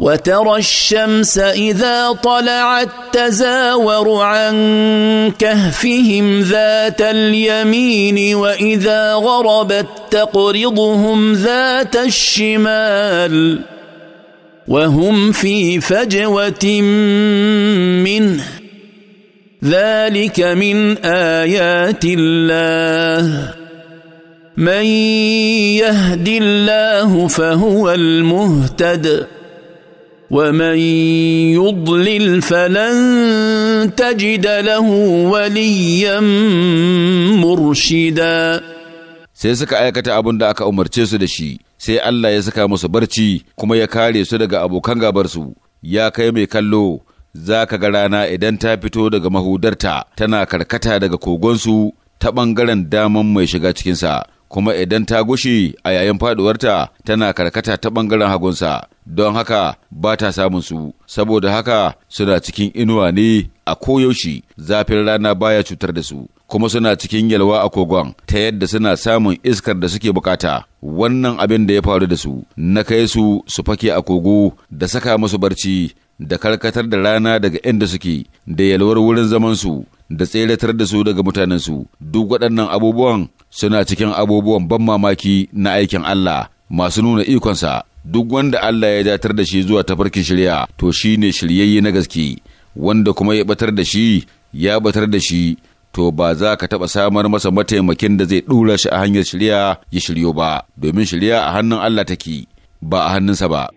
وترى الشمس اذا طلعت تزاور عن كهفهم ذات اليمين واذا غربت تقرضهم ذات الشمال وهم في فجوه منه ذلك من ايات الله من يهد الله فهو المهتد ومن يضلل فلن تجد له وليا مرشدا sai suka aikata abin da aka umarce su da shi sai Allah ya saka musu barci kuma ya kare su daga abokan gabarsu ya kai mai kallo za ka ga rana idan ta fito daga mahudarta tana karkata daga kogonsu ta ɓangaren daman mai shiga cikinsa kuma idan ta gushe, a yayin faɗuwarta, tana karkata ta ɓangaren hagunsa don haka ba ta samun su saboda haka suna cikin inuwa ne a koyaushe zafin rana baya cutar da su kuma suna cikin yalwa a kogon ta yadda suna samun iskar da suke bukata wannan abin da ya faru da su na kai su su fake a kogo da saka musu barci da karkatar da rana daga inda suke da yalwar wurin zaman su da tseratar da su daga mutanensu duk waɗannan abubuwan suna cikin abubuwan ban mamaki na aikin Allah masu nuna ikonsa duk wanda Allah ya jatar da shi zuwa tafarkin shirya to shi ne shiryayye na gaske wanda kuma ya batar da shi ya batar da shi to ba za ka taɓa samar masa mataimakin da zai ɗura shi a hanyar shirya ya shiryo ba domin shirya a hannun Allah take ba a hannunsa ba.